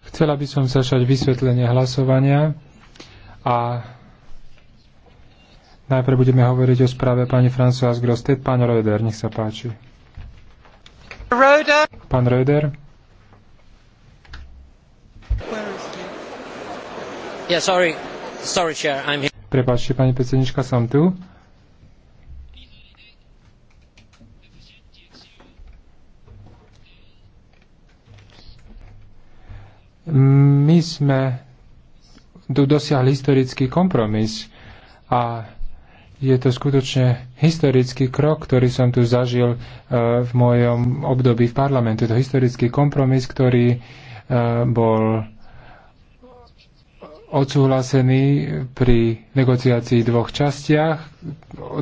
Chcela by som začať vysvetlenie hlasovania a najprv budeme hovoriť o správe pani Françoise Grostet. Pán Röder, nech sa páči. Röder. Pán Röder. Yeah, sorry. Sorry, chair, I'm here. Prepačte, pani predsednička, som tu. My sme tu dosiahli historický kompromis a je to skutočne historický krok, ktorý som tu zažil e, v mojom období v parlamentu. Je to historický kompromis, ktorý e, bol odsúhlasený pri negociácii dvoch častiach.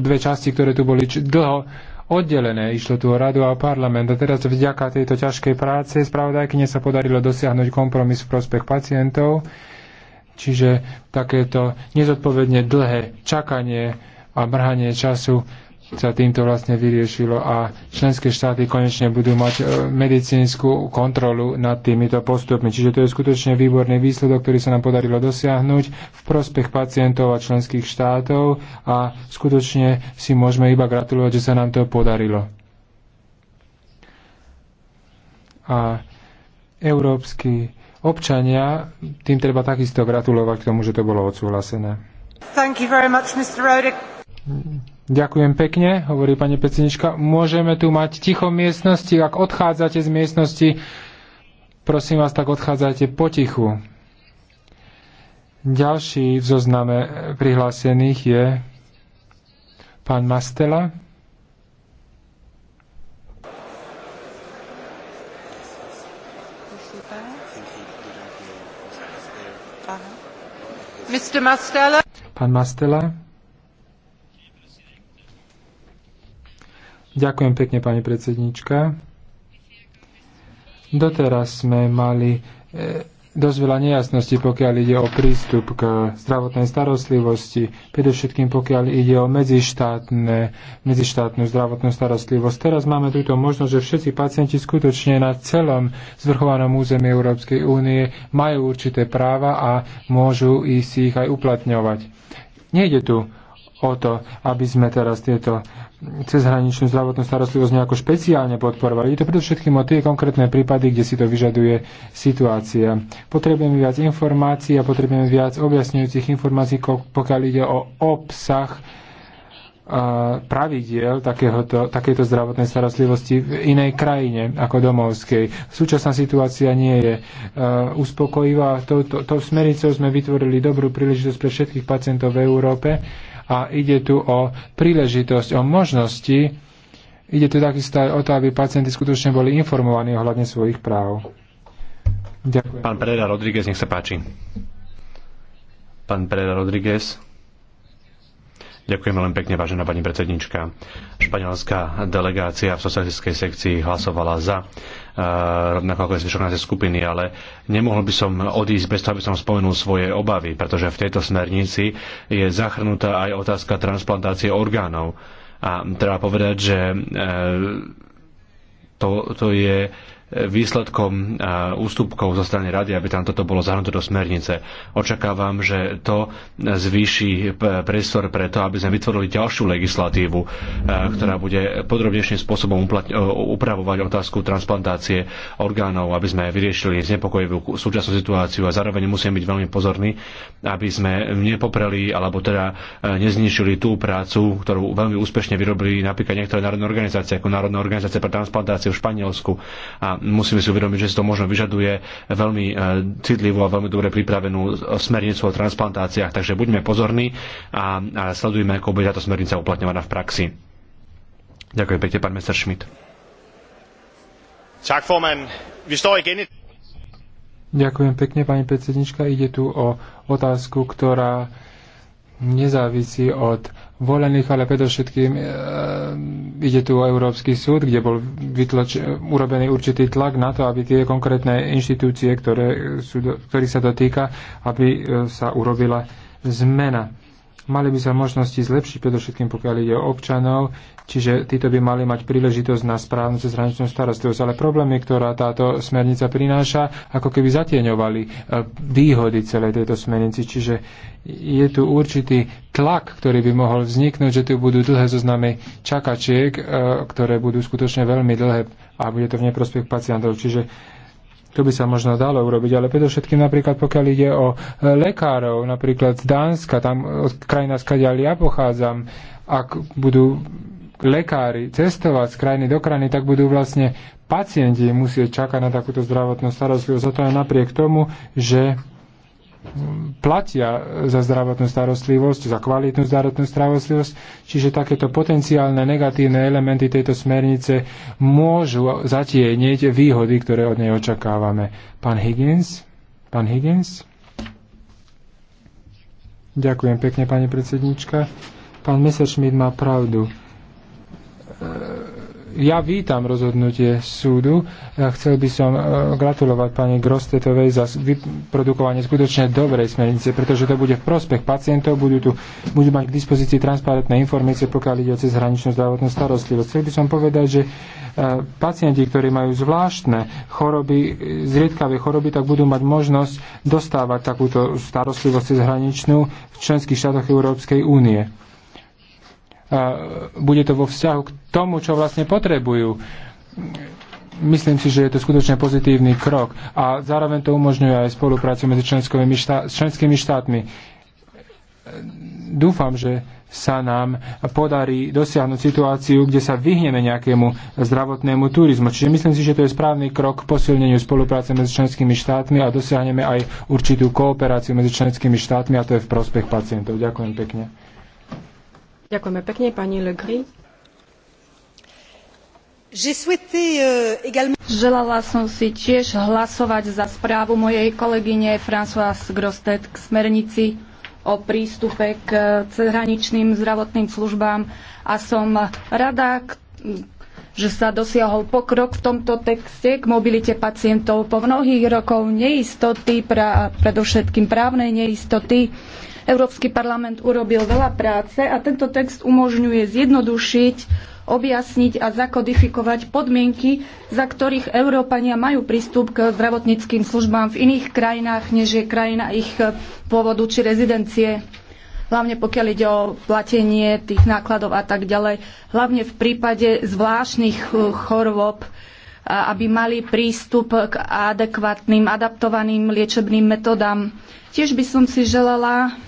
Dve časti, ktoré tu boli dlho oddelené. Išlo tu o radu a parlament. A teraz vďaka tejto ťažkej práce spravodajkyne sa podarilo dosiahnuť kompromis v prospech pacientov. Čiže takéto nezodpovedne dlhé čakanie a mrhanie času sa týmto vlastne vyriešilo a členské štáty konečne budú mať e, medicínsku kontrolu nad týmito postupmi. Čiže to je skutočne výborný výsledok, ktorý sa nám podarilo dosiahnuť v prospech pacientov a členských štátov a skutočne si môžeme iba gratulovať, že sa nám to podarilo. A európsky občania, tým treba takisto gratulovať k tomu, že to bolo odsúhlasené. Thank you very much, Mr. Rodek. Ďakujem pekne, hovorí pani predsednička. Môžeme tu mať ticho miestnosti. Ak odchádzate z miestnosti, prosím vás, tak odchádzajte potichu. Ďalší v zozname prihlásených je pán Mastela. Pán Mastela. Ďakujem pekne, pani predsednička. Doteraz sme mali e, dosť veľa nejasností, pokiaľ ide o prístup k zdravotnej starostlivosti, predovšetkým pokiaľ ide o medzištátne, medzištátnu zdravotnú starostlivosť. Teraz máme túto možnosť, že všetci pacienti skutočne na celom zvrchovanom území Európskej únie majú určité práva a môžu ísť ich aj uplatňovať. Nejde tu o to, aby sme teraz tieto cezhraničnú zdravotnú starostlivosť nejako špeciálne podporovali. Je to predovšetkým o tie konkrétne prípady, kde si to vyžaduje situácia. Potrebujeme viac informácií a potrebujeme viac objasňujúcich informácií, pokiaľ ide o obsah pravidiel takéhoto, takéto zdravotnej starostlivosti v inej krajine ako domovskej. Súčasná situácia nie je uh, uspokojivá. Tou to, to, smericou sme vytvorili dobrú príležitosť pre všetkých pacientov v Európe a ide tu o príležitosť, o možnosti. Ide tu takisto aj o to, aby pacienti skutočne boli informovaní ohľadne svojich práv. Ďakujem. Pán Pereira Rodríguez, nech sa páči. Pán Pereira Rodríguez. Ďakujem veľmi pekne, vážená pani predsednička. Španielská delegácia v socialistickej sekcii hlasovala za e, rovnako ako aj zvyšok skupiny, ale nemohol by som odísť bez toho, aby som spomenul svoje obavy, pretože v tejto smernici je zachrnutá aj otázka transplantácie orgánov. A treba povedať, že e, to, to je výsledkom e, ústupkov zo strany rady, aby tam toto bolo zahrnuté do smernice. Očakávam, že to e, zvýši e, priestor pre to, aby sme vytvorili ďalšiu legislatívu, ktorá bude podrobnejším spôsobom upravovať otázku transplantácie orgánov, aby sme vyriešili znepokojivú súčasnú situáciu a zároveň musíme byť veľmi pozorní, aby sme nepopreli alebo teda neznišili tú prácu, ktorú veľmi úspešne vyrobili napríklad niektoré národné organizácie, ako Národná organizácia pre transplantáciu v Španielsku a musíme si uvedomiť, že si to možno vyžaduje veľmi e, citlivú a veľmi dobre pripravenú smernicu o transplantáciách. Takže buďme pozorní a, a sledujme, ako bude táto smernica uplatňovaná v praxi. Ďakujem pekne, pán Mester Schmidt. Ďakujem pekne, pani predsednička. Ide tu o otázku, ktorá nezávisí od volených, ale predovšetkým e, ide tu o Európsky súd, kde bol vytlač, urobený určitý tlak na to, aby tie konkrétne inštitúcie, ktoré sú, ktorých sa dotýka, aby e, sa urobila zmena. Mali by sa možnosti zlepšiť, predovšetkým pokiaľ ide o občanov, čiže títo by mali mať príležitosť na správnu cezhraničnú starostlivosť. Ale problémy, ktorá táto smernica prináša, ako keby zatieňovali e, výhody celej tejto smernici. Čiže je tu určitý tlak, ktorý by mohol vzniknúť, že tu budú dlhé zoznamy čakačiek, e, ktoré budú skutočne veľmi dlhé a bude to v neprospech pacientov. Čiže to by sa možno dalo urobiť, ale predovšetkým napríklad pokiaľ ide o e, lekárov, napríklad z Dánska, tam e, krajina, skadiaľ ja pochádzam, ak budú lekári cestovať z krajiny do krajiny, tak budú vlastne pacienti musieť čakať na takúto zdravotnú starostlivosť. A to aj napriek tomu, že platia za zdravotnú starostlivosť, za kvalitnú zdravotnú starostlivosť, čiže takéto potenciálne negatívne elementy tejto smernice môžu zatieniť výhody, ktoré od nej očakávame. Pán Higgins? Pán Higgins? Ďakujem pekne, pani predsednička. Pán Messerschmidt má pravdu. E ja vítam rozhodnutie súdu. Ja chcel by som e, gratulovať pani Grostetovej za vyprodukovanie skutočne dobrej smernice, pretože to bude v prospech pacientov, budú, tu, budú mať k dispozícii transparentné informácie, pokiaľ ide o cezhraničnú zdravotnú starostlivosť. Chcel by som povedať, že e, pacienti, ktorí majú zvláštne choroby, e, zriedkavé choroby, tak budú mať možnosť dostávať takúto starostlivosť cezhraničnú v členských štátoch Európskej únie bude to vo vzťahu k tomu, čo vlastne potrebujú. Myslím si, že je to skutočne pozitívny krok a zároveň to umožňuje aj spoluprácu medzi členskými, štát, členskými štátmi. Dúfam, že sa nám podarí dosiahnuť situáciu, kde sa vyhneme nejakému zdravotnému turizmu. Čiže myslím si, že to je správny krok k posilneniu spolupráce medzi členskými štátmi a dosiahneme aj určitú kooperáciu medzi členskými štátmi a to je v prospech pacientov. Ďakujem pekne. Ďakujeme pekne, pani Le euh, Želala som si tiež hlasovať za správu mojej kolegyne Françoise Grostet k smernici o prístupe k cezhraničným zdravotným službám a som rada, že sa dosiahol pokrok v tomto texte k mobilite pacientov po mnohých rokov neistoty, pra, predovšetkým právnej neistoty Európsky parlament urobil veľa práce a tento text umožňuje zjednodušiť, objasniť a zakodifikovať podmienky, za ktorých Európania majú prístup k zdravotníckým službám v iných krajinách, než je krajina ich pôvodu či rezidencie hlavne pokiaľ ide o platenie tých nákladov a tak ďalej, hlavne v prípade zvláštnych eh, chorôb, eh, aby mali prístup k adekvátnym, adaptovaným liečebným metodám. Tiež by som si želala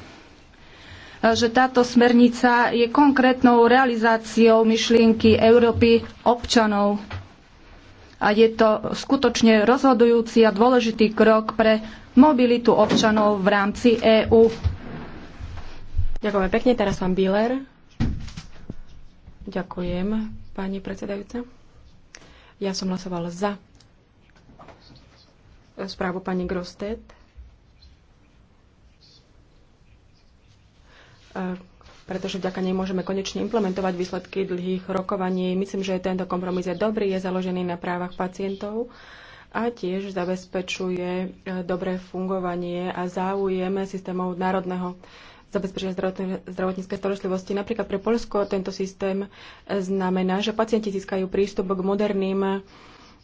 E, že táto smernica je konkrétnou realizáciou myšlienky Európy občanov. A je to skutočne rozhodujúci a dôležitý krok pre mobilitu občanov v rámci EÚ. Ďakujem pekne. Teraz pán Bíler. Ďakujem, pani predsedajúca. Ja som hlasovala za správu pani Grostet E, pretože vďaka nej môžeme konečne implementovať výsledky dlhých rokovaní. Myslím, že tento kompromis je dobrý, je založený na právach pacientov a tiež zabezpečuje e, dobré fungovanie a záujem systémov národného zabezpečenia zdravotníckej starostlivosti. Napríklad pre Polsko tento systém znamená, že pacienti získajú prístup k moderným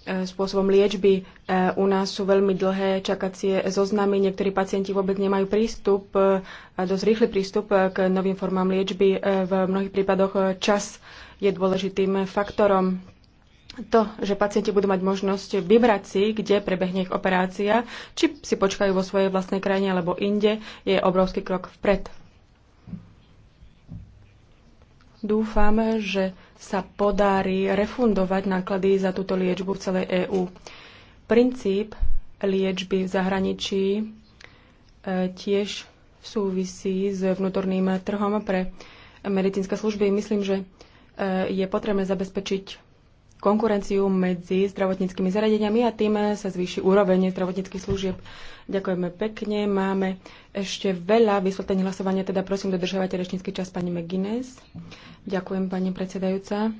E, spôsobom liečby. E, u nás sú veľmi dlhé čakacie zoznamy, niektorí pacienti vôbec nemajú prístup, e, dosť rýchly prístup k novým formám liečby. V mnohých prípadoch čas je dôležitým faktorom. To, že pacienti budú mať možnosť vybrať si, kde prebehne ich operácia, či si počkajú vo svojej vlastnej krajine alebo inde, je obrovský krok vpred. Dúfam, že sa podarí refundovať náklady za túto liečbu v celej EÚ. Princíp liečby v zahraničí e, tiež súvisí s vnútorným trhom pre medicínske služby. Myslím, že e, je potrebné zabezpečiť konkurenciu medzi zdravotníckými zariadeniami a tým sa zvýši úroveň zdravotníckých služieb. Ďakujeme pekne. Máme ešte veľa vysvetlení hlasovania, teda prosím, dodržovajte rečnícky čas pani McGuinness. Ďakujem, pani predsedajúca.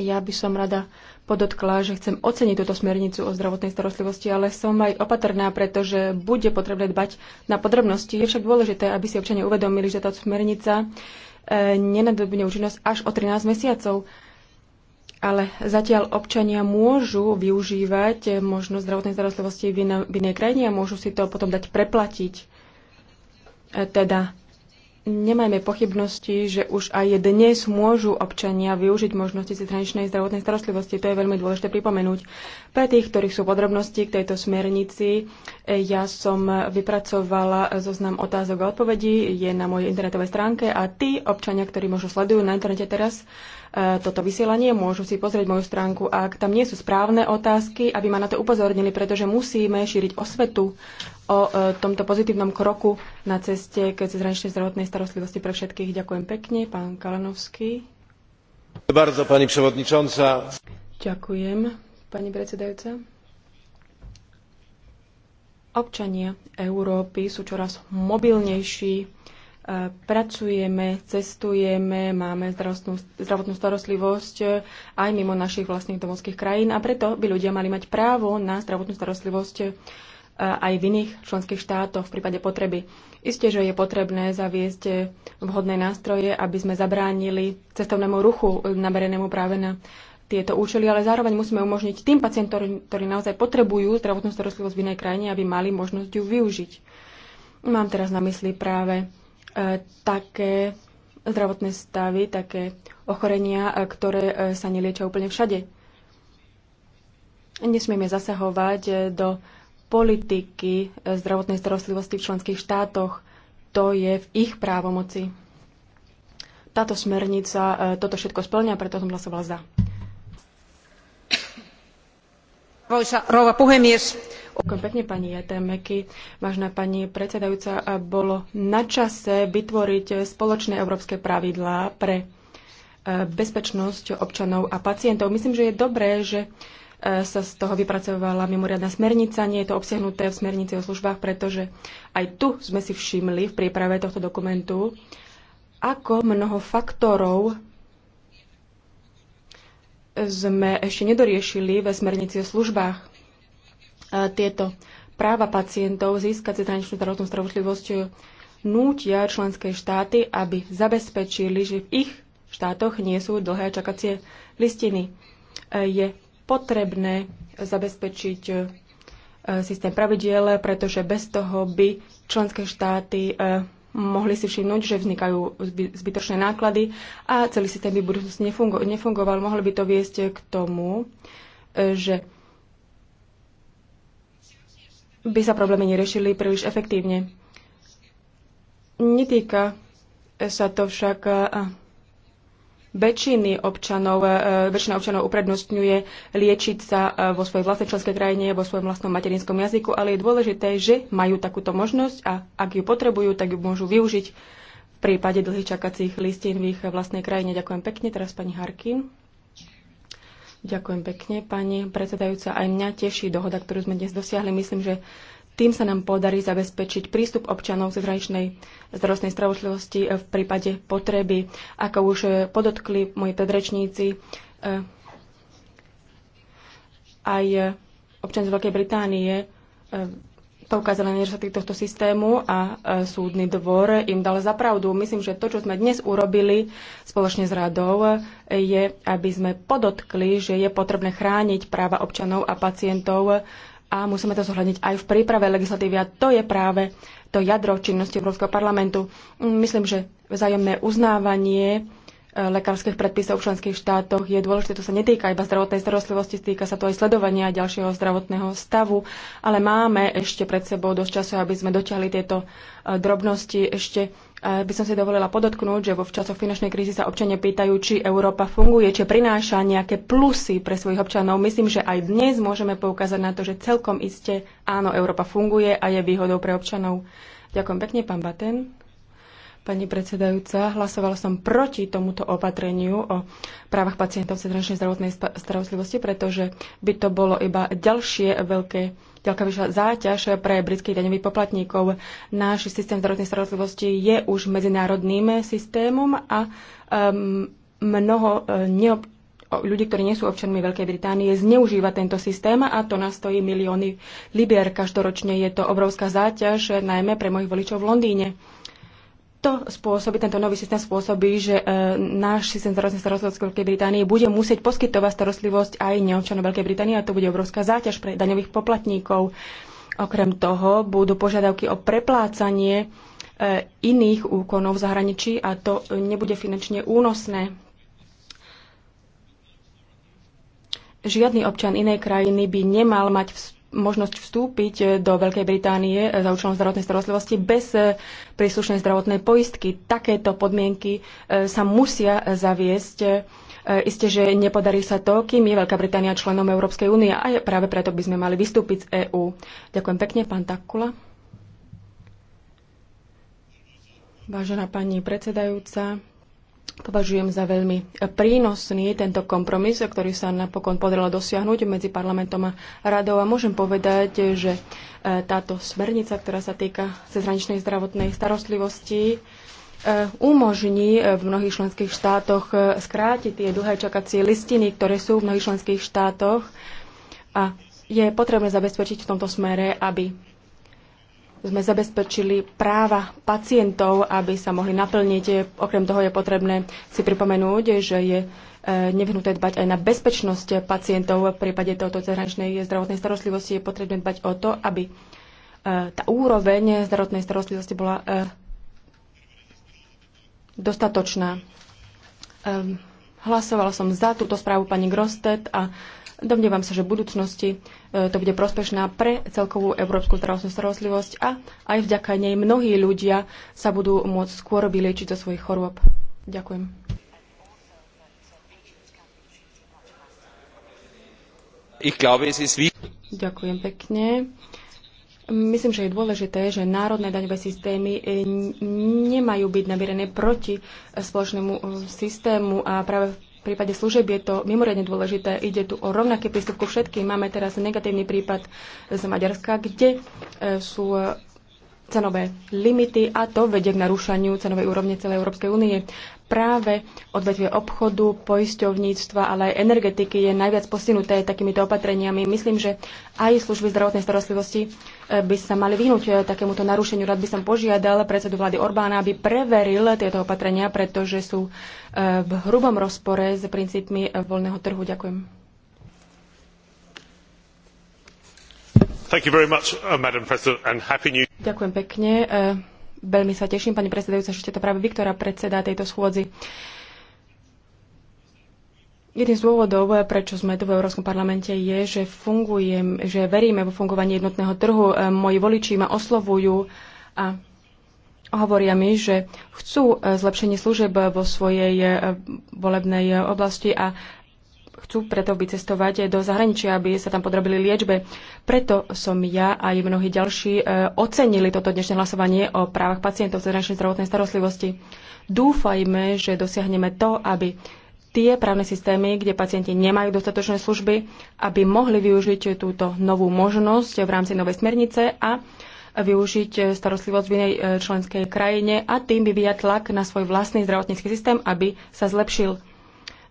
Ja by som rada podotkla, že chcem oceniť túto smernicu o zdravotnej starostlivosti, ale som aj opatrná, pretože bude potrebné dbať na podrobnosti. Je však dôležité, aby si občania uvedomili, že táto smernica eh, nenadobne účinnosť až o 13 mesiacov ale zatiaľ občania môžu využívať možnosť zdravotnej starostlivosti v, iné, v inej krajine a môžu si to potom dať preplatiť. E, teda nemajme pochybnosti, že už aj dnes môžu občania využiť možnosti cezhraničnej zdravotnej starostlivosti. To je veľmi dôležité pripomenúť. Pre tých, ktorých sú podrobnosti k tejto smernici, e, ja som vypracovala zoznam otázok a odpovedí, je na mojej internetovej stránke a tí občania, ktorí možno sledujú na internete teraz, E, toto vysielanie, môžu si pozrieť moju stránku, ak tam nie sú správne otázky, aby ma na to upozornili, pretože musíme šíriť osvetu o e, tomto pozitívnom kroku na ceste k cezhraničnej zdravotnej starostlivosti pre všetkých. Ďakujem pekne, pán Kalanovský. Bardzo, pani przewodnicząca. Ďakujem, pani predsedajúca. Občania Európy sú čoraz mobilnejší, pracujeme, cestujeme, máme zdravotnú, starostlivosť aj mimo našich vlastných domovských krajín a preto by ľudia mali mať právo na zdravotnú starostlivosť e, aj v iných členských štátoch v prípade potreby. Isté, že je potrebné zaviesť vhodné nástroje, aby sme zabránili cestovnému ruchu naberenému práve na tieto účely, ale zároveň musíme umožniť tým pacientom, ktorí naozaj potrebujú zdravotnú starostlivosť v inej krajine, aby mali možnosť ju využiť. Mám teraz na mysli práve také zdravotné stavy, také ochorenia, e, ktoré e, sa neliečia úplne všade. Nesmieme zasahovať e, do politiky zdravotnej starostlivosti v členských štátoch. To je v ich právomoci. Táto smernica toto všetko splňa, preto som hlasovala za arvoisa puhemies Ďakujem pekne pani Jatemeky. Vážna pani predsedajúca, bolo na čase vytvoriť spoločné európske pravidlá pre e, bezpečnosť občanov a pacientov. Myslím, že je dobré, že e, sa z toho vypracovala mimoriadná smernica. Nie je to obsiahnuté v smernici o službách, pretože aj tu sme si všimli v príprave tohto dokumentu, ako mnoho faktorov sme ešte nedoriešili ve smernici o službách. E, tieto práva pacientov získať cezhraničnú zdravotnú starostlivosť nútia členské štáty, aby zabezpečili, že v ich štátoch nie sú dlhé čakacie listiny. E, je potrebné zabezpečiť e, systém pravidiel, pretože bez toho by členské štáty mohli si všimnúť, že vznikajú zbytočné náklady a celý systém by v budúcnosti nefungo- nefungoval. Mohlo by to viesť k tomu, e, že by sa problémy neriešili príliš efektívne. Netýka sa to však väčšiny občanov, e, väčšina občanov uprednostňuje liečiť sa e, vo svojej vlastnej členskej krajine, vo svojom vlastnom materinskom jazyku, ale je dôležité, že majú takúto možnosť a ak ju potrebujú, tak ju môžu využiť v prípade dlhých čakacích listín v ich vlastnej krajine. Ďakujem pekne. Teraz pani Harkin. Ďakujem pekne, pani predsedajúca. Aj mňa teší dohoda, ktorú sme dnes dosiahli. Myslím, že tým sa nám podarí zabezpečiť prístup občanov cezhraničnej zdravotnej starostlivosti eh, v prípade potreby. Ako už eh, podotkli moji predrečníci, eh, aj občan z Veľkej Británie poukázali na nedostatky tohto systému a súdny dvor im dal za pravdu. Myslím, že to, čo sme dnes urobili spoločne s radou, je, aby sme podotkli, že je potrebné chrániť práva občanov a pacientov a musíme to zohľadniť aj v príprave legislatívy a to je práve to jadro činnosti Európskeho parlamentu. Myslím, že vzájomné uznávanie e, lekárskych predpisov v členských štátoch je dôležité. To sa netýka iba zdravotnej starostlivosti, týka sa to aj sledovania ďalšieho zdravotného stavu, ale máme ešte pred sebou dosť času, aby sme dotiahli tieto e, drobnosti. Ešte by som si dovolila podotknúť, že vo časoch finančnej krízy sa občania pýtajú, či Európa funguje, či prináša nejaké plusy pre svojich občanov. Myslím, že aj dnes môžeme poukázať na to, že celkom iste áno, Európa funguje a je výhodou pre občanov. Ďakujem pekne, pán Baten. Pani predsedajúca, hlasovala som proti tomuto opatreniu o právach pacientov v cezhraničnej zdravotnej starostlivosti, pretože by to bolo iba ďalšie veľké ďalká vyššia záťaž pre britských daňových poplatníkov. Náš systém zdravotnej starostlivosti je už medzinárodným systémom a um, mnoho e, neob- ľudí, ktorí nie sú občanmi Veľkej Británie, zneužíva tento systém a to nás stojí milióny libier každoročne. Je to obrovská záťaž, najmä pre mojich voličov v Londýne to spôsobí, tento nový systém spôsobí, že e, náš systém zdravotnej starostlivosti Veľkej Británii bude musieť poskytovať starostlivosť aj neobčanom Veľkej Británie a to bude obrovská záťaž pre daňových poplatníkov. Okrem toho budú požiadavky o preplácanie e, iných úkonov v zahraničí a to nebude finančne únosné. Žiadny občan inej krajiny by nemal mať vstup možnosť vstúpiť do Veľkej Británie za účelom zdravotnej starostlivosti bez eh, príslušnej zdravotnej poistky. Takéto podmienky eh, sa musia zaviesť. Eh, Isté, že nepodarí sa to, kým je Veľká Británia členom Európskej únie a práve preto by sme mali vystúpiť z EÚ. Ďakujem pekne, pán Takula. Vážená pani predsedajúca, Považujem za veľmi prínosný tento kompromis, ktorý sa napokon podarilo dosiahnuť medzi parlamentom a radou. A môžem povedať, že e, táto smernica, ktorá sa týka cezhraničnej zdravotnej starostlivosti, e, umožní e, v mnohých členských štátoch skrátiť tie dlhé čakacie listiny, ktoré sú v mnohých členských štátoch. A je potrebné zabezpečiť v tomto smere, aby sme zabezpečili práva pacientov, aby sa mohli naplniť. Okrem toho je potrebné si pripomenúť, že je e, nevyhnuté dbať aj na bezpečnosť pacientov. V prípade tohoto zahraničnej zdravotnej starostlivosti je potrebné dbať o to, aby e, tá úroveň zdravotnej starostlivosti bola e, dostatočná. Ehm, hlasovala som za túto správu pani Grostet a Domnievam sa, že v budúcnosti e, to bude prospešná pre celkovú európsku zdravotnú starostlivosť a aj vďaka nej mnohí ľudia sa budú môcť skôr vyliečiť zo svojich chorôb. Ďakujem. Ďakujem pekne. Myslím, že je dôležité, že národné daňové systémy e, nemajú byť namierené proti spoločnému e, systému a práve v v prípade služieb je to mimoriadne dôležité. Ide tu o rovnaký prístup ku všetkým. Máme teraz negatívny prípad z Maďarska, kde e, sú cenové limity a to vedie k narúšaniu cenovej úrovne celej Európskej únie. Práve odvetvie obchodu, poisťovníctva, ale aj energetiky je najviac postihnuté takýmito opatreniami. Myslím, že aj služby zdravotnej starostlivosti eh, by sa mali vyhnúť eh, takémuto narušeniu. Rád by som požiadal predsedu vlády Orbána, aby preveril tieto opatrenia, pretože sú eh, v hrubom rozpore s princípmi voľného trhu. Ďakujem. Uh, Ďakujem pekne. Uh, veľmi sa teším, pani predsedajúca, že ste to práve vy, ktorá predsedá tejto schôdzi. Jedným z dôvodov, uh, prečo sme tu v Európskom parlamente, je, že fungujem, že veríme vo fungovanie jednotného trhu. Moji voliči ma oslovujú a hovoria mi, že chcú zlepšenie služeb vo svojej volebnej oblasti a chcú preto vycestovať do zahraničia, aby sa tam podrobili liečbe. Preto som ja a aj mnohí ďalší e, ocenili toto dnešné hlasovanie o právach pacientov v zahraničnej zdravotnej starostlivosti. Dúfajme, že dosiahneme to, aby tie právne systémy, kde pacienti nemajú dostatočné služby, aby mohli využiť túto novú možnosť v rámci novej smernice a využiť starostlivosť v inej e, členskej krajine a tým vyvíjať tlak na svoj vlastný zdravotnícky systém, aby sa zlepšil.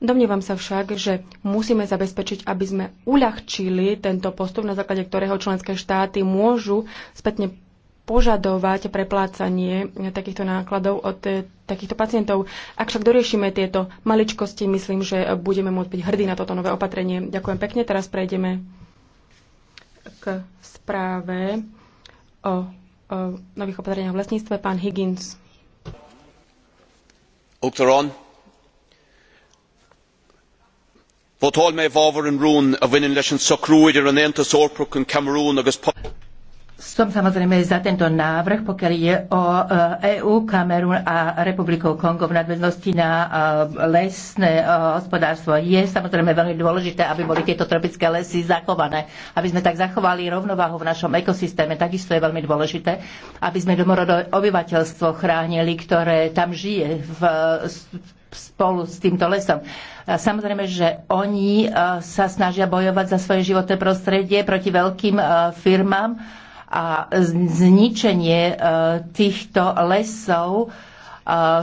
Domnievam sa však, že musíme zabezpečiť, aby sme uľahčili tento postup, na základe ktorého členské štáty môžu spätne požadovať preplácanie takýchto nákladov od e, takýchto pacientov. Ak však doriešime tieto maličkosti, myslím, že budeme môcť byť hrdí na toto nové opatrenie. Ďakujem pekne. Teraz prejdeme k správe o, o nových opatreniach v lesníctve. Pán Higgins. Uktoron. som samozrejme za tento návrh, pokiaľ je o EÚ, e Kamerun a Republiku Kongo v nadväznosti na e, lesné e, hospodárstvo. Je samozrejme veľmi dôležité, aby boli tieto tropické lesy zachované, aby sme tak zachovali rovnováhu v našom ekosystéme. Takisto je veľmi dôležité, aby sme domorodé obyvateľstvo chránili, ktoré tam žije v, spolu s týmto lesom. Samozrejme, že oni e, sa snažia bojovať za svoje životné prostredie proti veľkým e, firmám a zničenie e, týchto lesov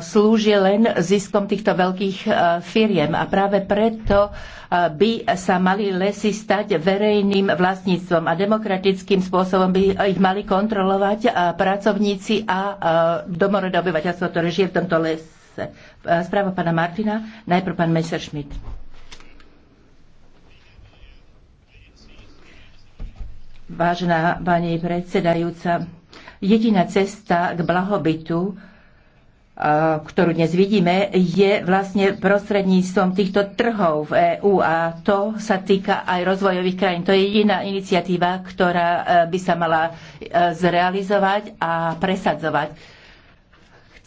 slúži len ziskom týchto veľkých firiem. A práve preto by sa mali lesy stať verejným vlastníctvom a demokratickým spôsobom by ich mali kontrolovať pracovníci a domorodé obyvateľstvo, ktoré žije v tomto lese práce. Správa pána Martina, najprv pán Messerschmidt. Vážená pani predsedajúca, jediná cesta k blahobytu, ktorú dnes vidíme, je vlastne prostredníctvom týchto trhov v EÚ a to sa týka aj rozvojových krajín. To je jediná iniciatíva, ktorá e, by sa mala e, zrealizovať a presadzovať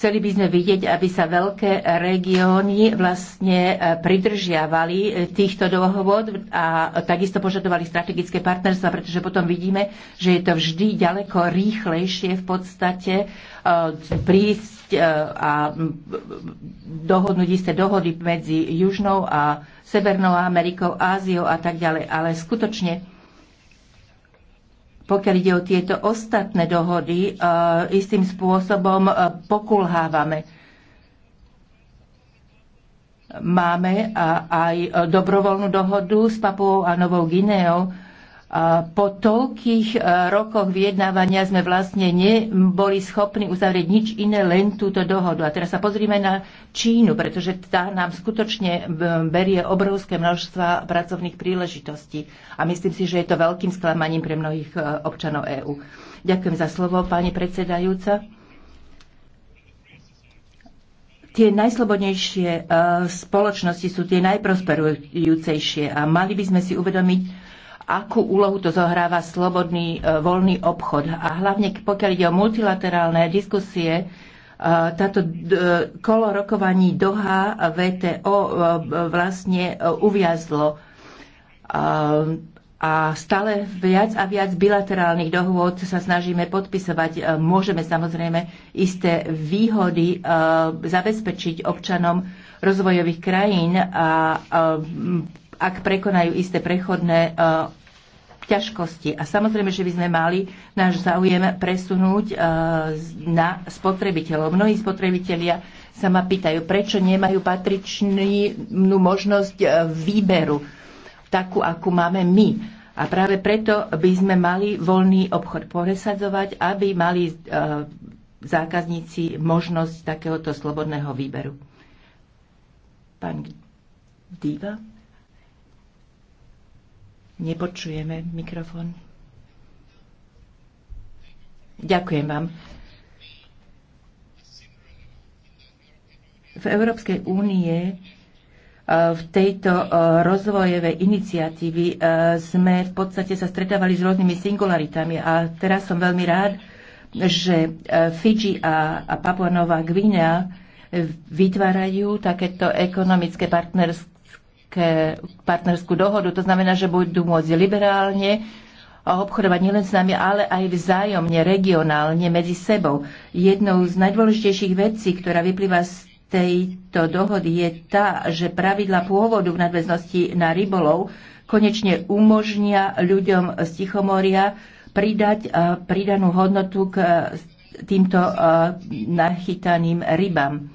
Chceli by sme vidieť, aby sa veľké regióny vlastne e, pridržiavali e, týchto dohovod a takisto požadovali strategické partnerstva, pretože potom vidíme, že je to vždy ďaleko rýchlejšie v podstate e, prísť a dohodnúť isté dohody medzi Južnou a Severnou Amerikou, Áziou a tak ďalej. Ale skutočne pokiaľ ide o tieto ostatné dohody, e, istým spôsobom e, pokulhávame. Máme aj e, dobrovoľnú dohodu s Papou a Novou Gineou, po toľkých e, rokoch vyjednávania sme vlastne neboli schopní uzavrieť nič iné, len túto dohodu. A teraz sa pozrime na Čínu, pretože tá nám skutočne e, berie obrovské množstva pracovných príležitostí. A myslím si, že je to veľkým sklamaním pre mnohých e, občanov EÚ. Ďakujem za slovo, pani predsedajúca tie najslobodnejšie spoločnosti sú tie najprosperujúcejšie a mali by sme si uvedomiť, akú úlohu to zohráva slobodný e, voľný obchod. A hlavne pokiaľ ide o multilaterálne diskusie, e, táto e, kolo rokovaní Doha VTO vlastne uviazlo a stále viac a viac bilaterálnych dohôd sa snažíme podpisovať. Môžeme samozrejme isté výhody zabezpečiť občanom rozvojových krajín a ak prekonajú isté prechodné e, ťažkosti. A samozrejme, že by sme mali náš záujem presunúť e, na spotrebiteľov. Mnohí spotrebitelia sa ma pýtajú, prečo nemajú patričnú možnosť e, výberu, takú, akú máme my. A práve preto by sme mali voľný obchod poresadzovať, aby mali zákazníci možnosť takéhoto slobodného výberu. Pán Diva? Nepočujeme mikrofón. Ďakujem vám. V Európskej únie eh, v tejto eh, rozvojovej iniciatívy eh, sme v podstate sa stretávali s rôznymi singularitami a teraz som veľmi rád, že Fidži a Papua Nová Gvinea vytvárajú takéto ekonomické partnerské partnerskú dohodu. To znamená, že budú môcť liberálne obchodovať nielen s nami, ale aj vzájomne, regionálne, medzi sebou. Jednou z najdôležitejších vecí, ktorá vyplýva z tejto dohody, je tá, že pravidla pôvodu v nadväznosti na rybolov konečne umožnia ľuďom z Tichomoria pridať e, pridanú hodnotu k e, týmto e, nachytaným rybám.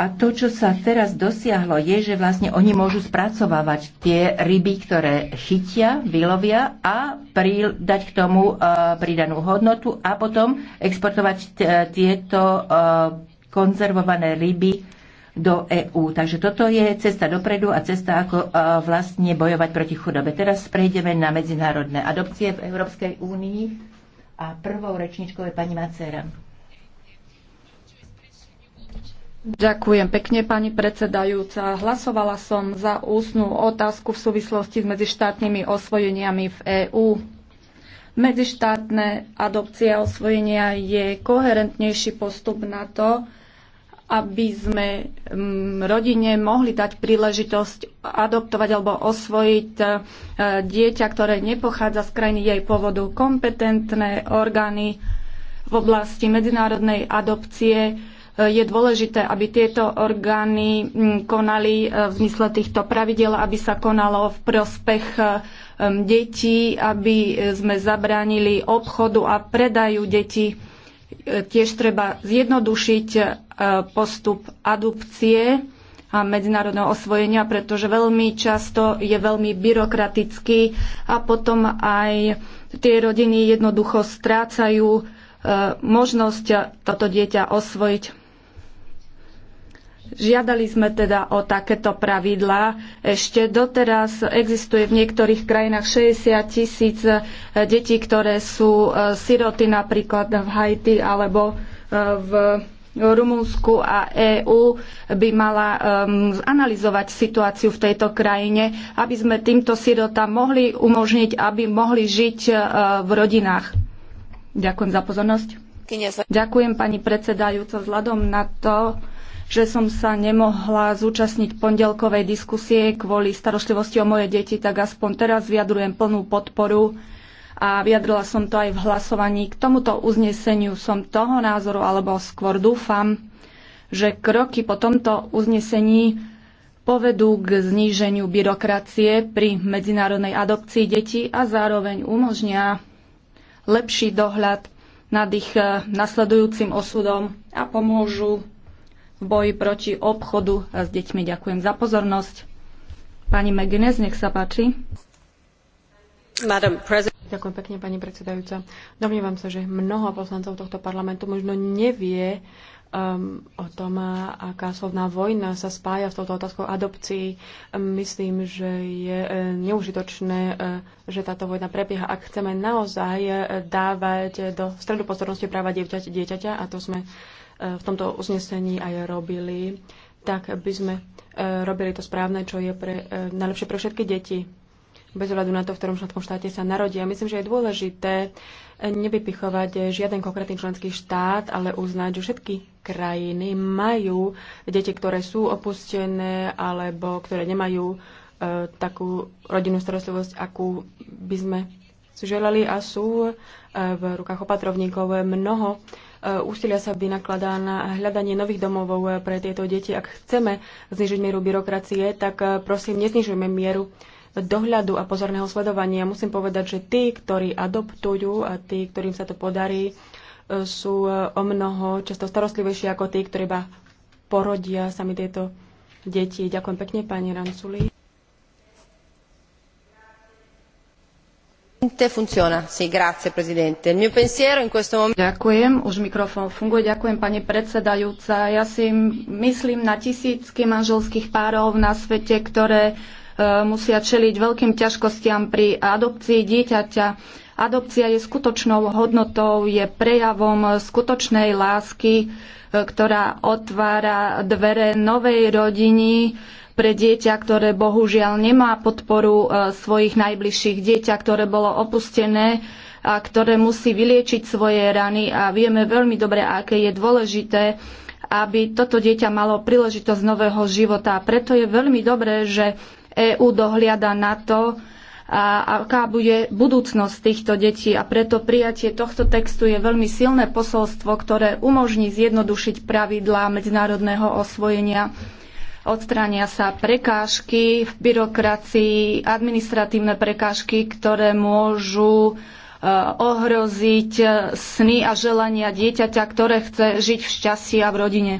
A to, čo sa teraz dosiahlo, je, že vlastne oni môžu spracovávať tie ryby, ktoré chytia, vylovia a pridať k tomu e, pridanú hodnotu a potom exportovať e, tieto e, konzervované ryby do EÚ. Takže toto je cesta dopredu a cesta, ako vlastne bojovať proti chudobe. Teraz prejdeme na medzinárodné adopcie v Európskej únii a prvou rečničkou je pani Macera. Ďakujem pekne, pani predsedajúca. Hlasovala som za ústnu otázku v súvislosti s medzištátnymi osvojeniami v EÚ. Medzištátne adopcia a osvojenia je koherentnejší postup na to, aby sme mm, rodine mohli dať príležitosť adoptovať alebo osvojiť e, dieťa, ktoré nepochádza z krajiny jej pôvodu. Kompetentné orgány v oblasti medzinárodnej adopcie je dôležité, aby tieto orgány mm, konali e, v zmysle týchto pravidel, aby sa konalo v prospech e, detí, aby e, sme zabránili obchodu a predaju detí. Tiež treba zjednodušiť postup adopcie a medzinárodného osvojenia, pretože veľmi často je veľmi byrokratický a potom aj tie rodiny jednoducho strácajú možnosť toto dieťa osvojiť. Žiadali sme teda o takéto pravidlá. Ešte doteraz existuje v niektorých krajinách 60 tisíc e, detí, ktoré sú e, siroty napríklad v Haiti alebo e, v Rumunsku a EÚ by mala um, analyzovať situáciu v tejto krajine, aby sme týmto sirotám mohli umožniť, aby mohli žiť uh, v rodinách. Ďakujem za pozornosť. Ďakujem pani predsedajúca vzhľadom na to, že som sa nemohla zúčastniť pondelkovej diskusie kvôli starostlivosti o moje deti, tak aspoň teraz vyjadrujem plnú podporu a vyjadrila som to aj v hlasovaní. K tomuto uzneseniu som toho názoru, alebo skôr dúfam, že kroky po tomto uznesení povedú k zníženiu byrokracie pri medzinárodnej adopcii detí a zároveň umožnia lepší dohľad nad ich eh, nasledujúcim osudom a pomôžu boji proti obchodu s deťmi. Ďakujem za pozornosť. Pani McGuinness, nech sa páči. Ďakujem pekne, pani predsedajúca. Domnievam sa, že mnoho poslancov tohto parlamentu možno nevie um, o tom, aká slovná vojna sa spája s touto otázkou adopcií. Um, myslím, že je e, neužitočné, e, že táto vojna prebieha. Ak chceme naozaj e, dávať do stredu pozornosti práva dieťaťa, dieťaťa a to sme Eh, v tomto uznesení aj robili, tak by sme eh, robili to správne, čo je pre, eh, najlepšie pre všetky deti bez ohľadu na to, v ktorom členskom štáte sa narodia. Myslím, že je dôležité nevypichovať žiaden konkrétny členský štát, ale uznať, že všetky krajiny majú deti, ktoré sú opustené alebo ktoré nemajú takú rodinnú starostlivosť, akú by sme si želali a sú v rukách opatrovníkov mnoho Eh, úsilia sa vynakladá na hľadanie nových domovov eh, pre tieto deti. Ak chceme znižiť mieru byrokracie, tak eh, prosím, neznižujme mieru dohľadu a pozorného sledovania. Musím povedať, že tí, ktorí adoptujú a tí, ktorým sa to podarí, sú o mnoho často starostlivejší ako tí, ktorí iba porodia sami tieto deti. Ďakujem pekne, pani Ranculi. Ďakujem, už mikrofón funguje. Ďakujem, pani predsedajúca. Ja si myslím na tisícky manželských párov na svete, ktoré e, musia čeliť veľkým ťažkostiam pri adopcii dieťaťa. Adopcia je skutočnou hodnotou, je prejavom skutočnej lásky, e, ktorá otvára dvere novej rodiny, pre dieťa, ktoré bohužiaľ nemá podporu e, svojich najbližších, dieťa, ktoré bolo opustené a ktoré musí vyliečiť svoje rany a vieme veľmi dobre, aké je dôležité, aby toto dieťa malo príležitosť nového života. preto je veľmi dobré, že EÚ dohliada na to, a aká bude budúcnosť týchto detí. A preto prijatie tohto textu je veľmi silné posolstvo, ktoré umožní zjednodušiť pravidlá medzinárodného osvojenia odstránia sa prekážky v byrokracii, administratívne prekážky, ktoré môžu eh, ohroziť eh, sny a želania dieťaťa, ktoré chce žiť v šťastí a v rodine.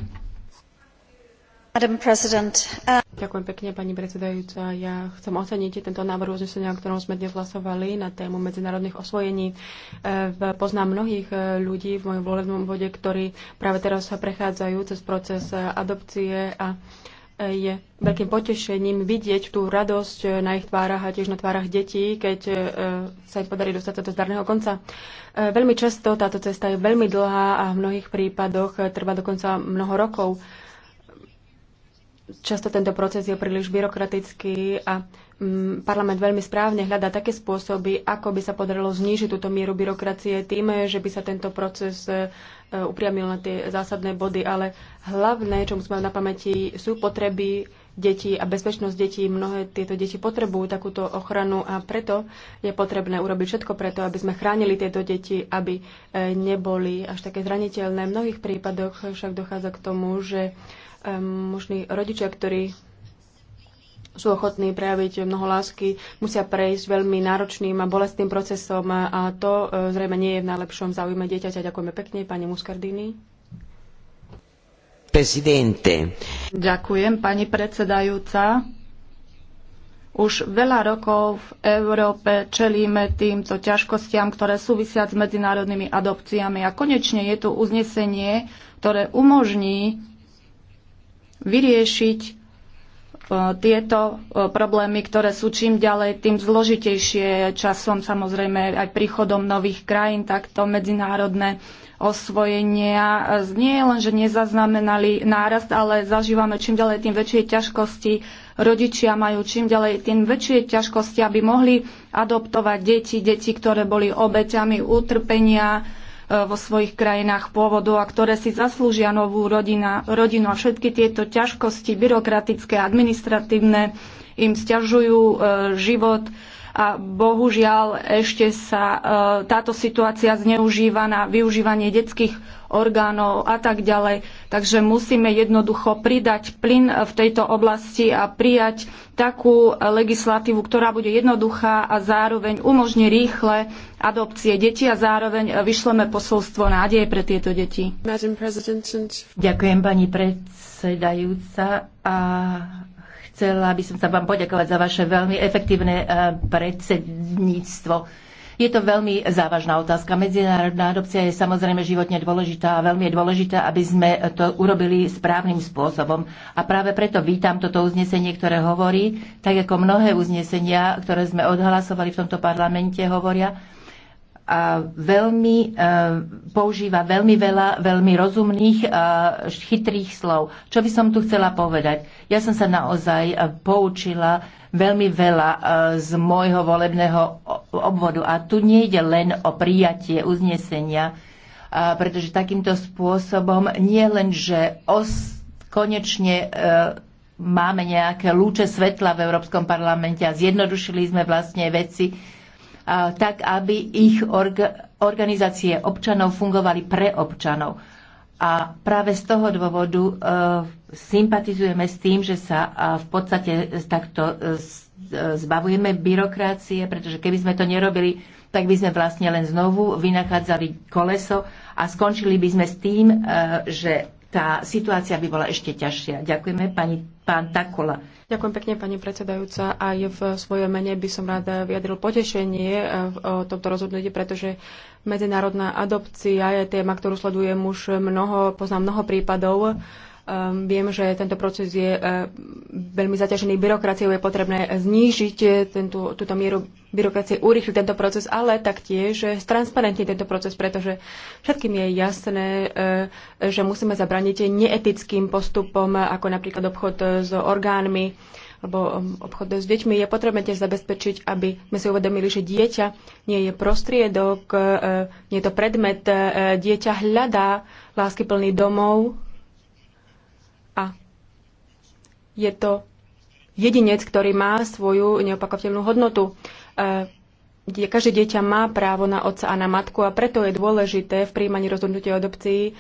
Eh, Ďakujem pekne, pani predsedajúca. Ja chcem oceniť tento návrh uznesenia, o ktorom sme dnes hlasovali na tému medzinárodných osvojení. Poznám mnohých ľudí v mojom volebnom vode, ktorí práve teraz sa prechádzajú cez proces adopcie a je veľkým potešením vidieť tú radosť na ich tvárach a tiež na tvárach detí, keď e, sa im podarí dostať sa do zdarného konca. E, veľmi často táto cesta je veľmi dlhá a v mnohých prípadoch e, trvá dokonca mnoho rokov. Často tento proces je príliš byrokratický a parlament veľmi správne hľadá také spôsoby, ako by sa podarilo znížiť túto mieru byrokracie tým, že by sa tento proces e, upriamil na tie zásadné body, ale hlavné, čo musíme na pamäti, sú potreby detí a bezpečnosť detí. Mnohé tieto deti potrebujú takúto ochranu a preto je potrebné urobiť všetko preto, aby sme chránili tieto deti, aby e, neboli až také zraniteľné. V mnohých prípadoch však dochádza k tomu, že e, možní rodičia, ktorí sú ochotní prejaviť mnoho lásky, musia prejsť veľmi náročným a bolestným procesom a to e, zrejme nie je v najlepšom záujme dieťaťa. Ďakujeme pekne, pani Muscardini. Prezidente. Ďakujem, pani predsedajúca. Už veľa rokov v Európe čelíme týmto ťažkostiam, ktoré súvisia s medzinárodnými adopciami a konečne je tu uznesenie, ktoré umožní vyriešiť E, tieto e, problémy, ktoré sú čím ďalej, tým zložitejšie časom, samozrejme aj príchodom nových krajín, takto medzinárodné osvojenia e, nie len, že nezaznamenali nárast, ale zažívame čím ďalej tým väčšie ťažkosti. Rodičia majú čím ďalej tým väčšie ťažkosti, aby mohli adoptovať deti, deti, ktoré boli obeťami utrpenia, vo svojich krajinách pôvodu a ktoré si zaslúžia novú rodina, rodinu a všetky tieto ťažkosti byrokratické administratívne im stiažujú e, život a bohužiaľ ešte sa e, táto situácia zneužíva na využívanie detských orgánov a tak ďalej. Takže musíme jednoducho pridať plyn v tejto oblasti a prijať takú legislatívu, ktorá bude jednoduchá a zároveň umožní rýchle adopcie detí a zároveň vyšleme posolstvo nádeje pre tieto deti. Ďakujem pani predsedajúca a Chcela by som sa vám poďakovať za vaše veľmi efektívne e, predsedníctvo. Je to veľmi závažná otázka. Medzinárodná adopcia je samozrejme životne dôležitá a veľmi je dôležité, aby sme to urobili správnym spôsobom. A práve preto vítam toto uznesenie, ktoré hovorí, tak ako mnohé uznesenia, ktoré sme odhlasovali v tomto parlamente, hovoria, veľmi, e, používa veľmi veľa veľmi rozumných, e, chytrých slov. Čo by som tu chcela povedať? Ja som sa naozaj e, poučila veľmi veľa z môjho volebného obvodu. A tu nejde len o prijatie uznesenia, pretože takýmto spôsobom nie len, že os, konečne máme nejaké lúče svetla v Európskom parlamente a zjednodušili sme vlastne veci, tak aby ich organizácie občanov fungovali pre občanov. A práve z toho dôvodu e, sympatizujeme s tým, že sa v podstate takto e, e, zbavujeme byrokracie, pretože keby sme to nerobili, tak by sme vlastne len znovu vynachádzali koleso a skončili by sme s tým, že tá situácia by bola ešte ťažšia. Ďakujeme pani, pán Takola. Ďakujem pekne, pani predsedajúca. Aj v svojom mene by som rada vyjadril potešenie eh, o tomto rozhodnutí, pretože medzinárodná adopcia je téma, ktorú sledujem už mnoho, poznám mnoho prípadov Ehm, viem, že tento proces je eh, veľmi zaťažený byrokraciou, je potrebné znížiť eh, tento, túto mieru byrokracie, urýchliť tento proces, ale taktiež eh, transparentne tento proces, pretože všetkým je jasné, že musíme zabraniť neetickým postupom, ako napríklad obchod s orgánmi alebo ehm, obchod s deťmi. Je potrebné tiež zabezpečiť, aby sme si uvedomili, že dieťa nie je prostriedok, nie je to predmet. Dieťa hľadá láskyplný domov, je to jedinec, ktorý má svoju neopakovateľnú hodnotu. E, každé dieťa má právo na otca a na matku a preto je dôležité v príjmaní rozhodnutia o adopcii e,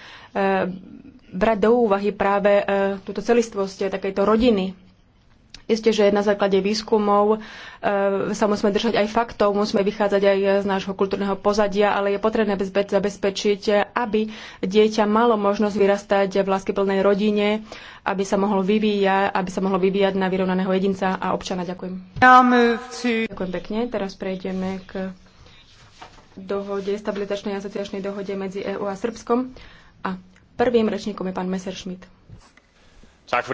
brať do úvahy práve e, túto celistvosť takejto rodiny. Isté, že na základe výskumov e, sa musíme držať aj faktov, musíme vychádzať aj z nášho kultúrneho pozadia, ale je potrebné zabezpečiť, aby dieťa malo možnosť vyrastať v láskyplnej rodine, aby sa mohlo vyvíjať, aby sa mohlo vyvíjať na vyrovnaného jedinca a občana. Ďakujem. Ďakujem pekne. Teraz prejdeme k dohode, a asociačnej dohode medzi EÚ a Srbskom. A prvým rečníkom je pán Messerschmidt. Tak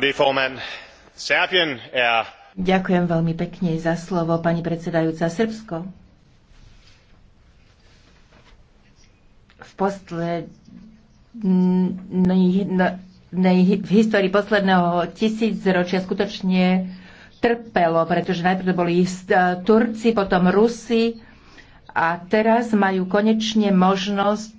Er- Ďakujem veľmi pekne za slovo, pani predsedajúca. Srbsko v poslednej, v histórii posledného tisícročia skutočne trpelo, pretože najprv boli Turci, potom Rusi a teraz majú konečne možnosť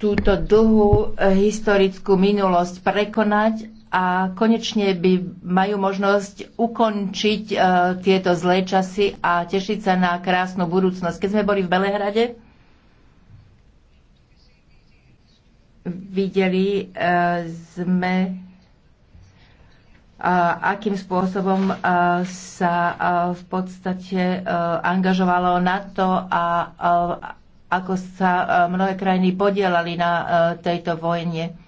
túto dlhú eh, historickú minulosť prekonať a konečne by majú možnosť ukončiť e, tieto zlé časy a tešiť sa na krásnu budúcnosť. Keď sme boli v Belehrade, videli e, sme, e, akým spôsobom e, sa e, v podstate e, angažovalo NATO a e, ako sa e, mnohé krajiny podielali na e, tejto vojne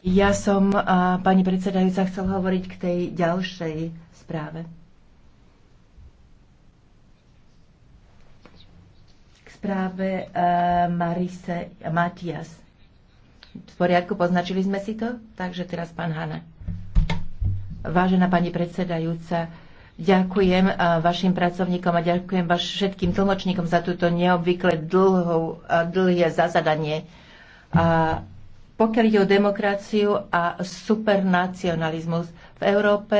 Ja som, pani predsedajúca, chcel hovoriť k tej ďalšej správe. K správe Marise Matias. V poriadku, poznačili sme si to, takže teraz pán Hane. Vážená pani predsedajúca, Ďakujem vašim pracovníkom a ďakujem vaš všetkým tlmočníkom za túto neobvykle dlhou, dlhé zasadanie. A pokiaľ ide o demokraciu a supernacionalizmus v Európe,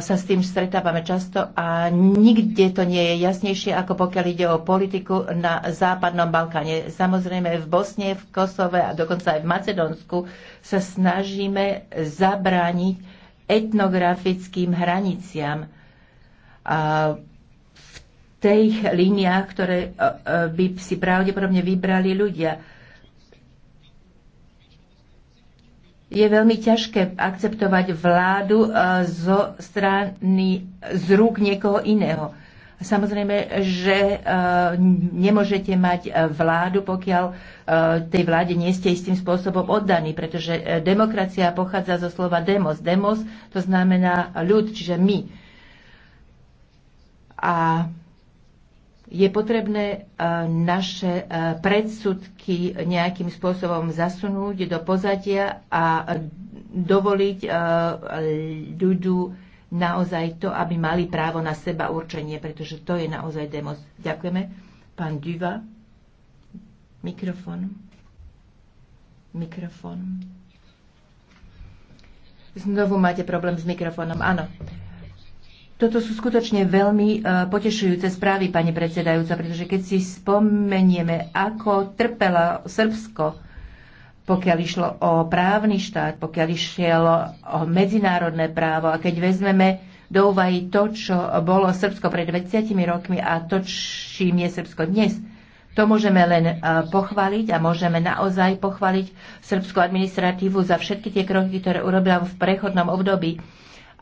sa s tým stretávame často a nikde to nie je jasnejšie, ako pokiaľ ide o politiku na Západnom Balkáne. Samozrejme v Bosne, v Kosove a dokonca aj v Macedónsku sa snažíme zabrániť etnografickým hraniciam v tých líniách, ktoré by si pravdepodobne vybrali ľudia je veľmi ťažké akceptovať vládu eh, zo strany, z rúk niekoho iného. Samozrejme, že eh, nemôžete mať eh, vládu, pokiaľ tej vláde nie ste istým spôsobom oddaní, pretože demokracia pochádza zo slova demos. Demos to znamená ľud, čiže my. A je potrebné e, naše e, predsudky nejakým spôsobom zasunúť do pozadia a dovoliť e, ľudu naozaj to, aby mali právo na seba určenie, pretože to je naozaj demos. Ďakujeme. Pán Duva. Mikrofón. Mikrofón. Znovu máte problém s mikrofónom. Áno. Toto sú skutočne veľmi e, potešujúce správy, pani predsedajúca, pretože keď si spomenieme, ako trpela Srbsko, pokiaľ išlo o právny štát, pokiaľ išlo o medzinárodné právo a keď vezmeme do úvahy to, čo bolo Srbsko pred 20 rokmi a to, čím je Srbsko dnes, to môžeme len e, pochváliť a môžeme naozaj pochváliť srbskú administratívu za všetky tie kroky, ktoré urobila v prechodnom období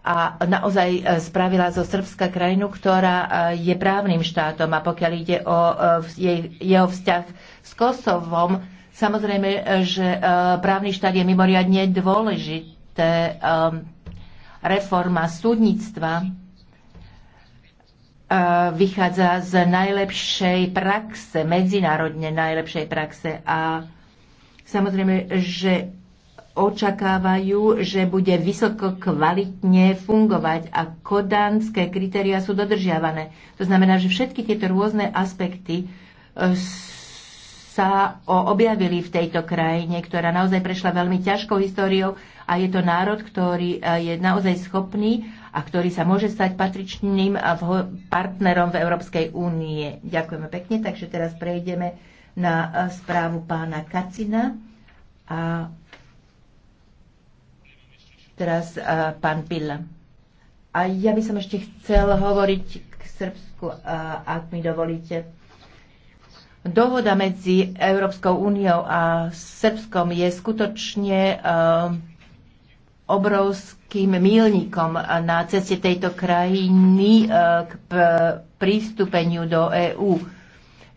a naozaj e, spravila zo Srbska krajinu, ktorá e, je právnym štátom. A pokiaľ ide o e, jej, jeho vzťah s Kosovom, samozrejme, že právny štát je mimoriadne dôležité. Reforma súdnictva vychádza z najlepšej praxe, medzinárodne najlepšej praxe a samozrejme, že očakávajú, že bude vysoko kvalitne fungovať a kodanské kritéria sú dodržiavané. To znamená, že všetky tieto rôzne aspekty e, sa objavili v tejto krajine, ktorá naozaj prešla veľmi ťažkou históriou a je to národ, ktorý e, je naozaj schopný a ktorý sa môže stať patričným e, partnerom v Európskej únie. Ďakujeme pekne, takže teraz prejdeme na správu pána Kacina a Teraz uh, pán Pilla. A ja by som ešte chcel hovoriť k Srbsku, uh, ak mi dovolíte. Dohoda medzi Európskou úniou a Srbskom je skutočne uh, obrovským milníkom na ceste tejto krajiny uh, k prístupeniu do EÚ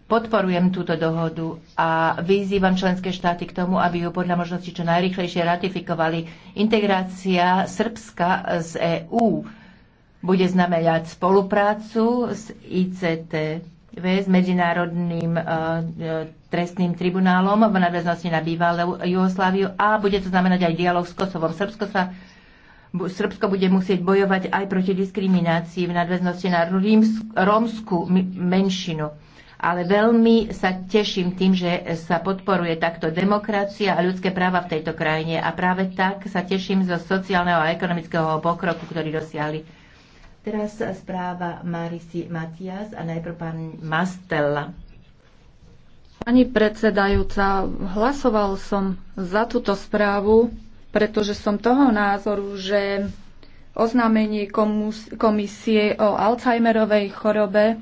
podporujem túto dohodu a vyzývam členské štáty k tomu, aby ju podľa možnosti čo najrychlejšie ratifikovali. Integrácia Srbska z EÚ bude znamenať spoluprácu s ICT s Medzinárodným e, e, trestným tribunálom v nadväznosti na bývalú Jugosláviu a bude to znamenať aj dialog s Kosovom. Srbsko sa Srbsko bude musieť bojovať aj proti diskriminácii v nadväznosti na rómsku menšinu ale veľmi sa teším tým, že sa podporuje takto demokracia a ľudské práva v tejto krajine a práve tak sa teším zo sociálneho a ekonomického pokroku, ktorý dosiahli. Teraz správa Marisi Matias a najprv pán Mastella. Pani predsedajúca, hlasoval som za túto správu, pretože som toho názoru, že oznámenie komisie o Alzheimerovej chorobe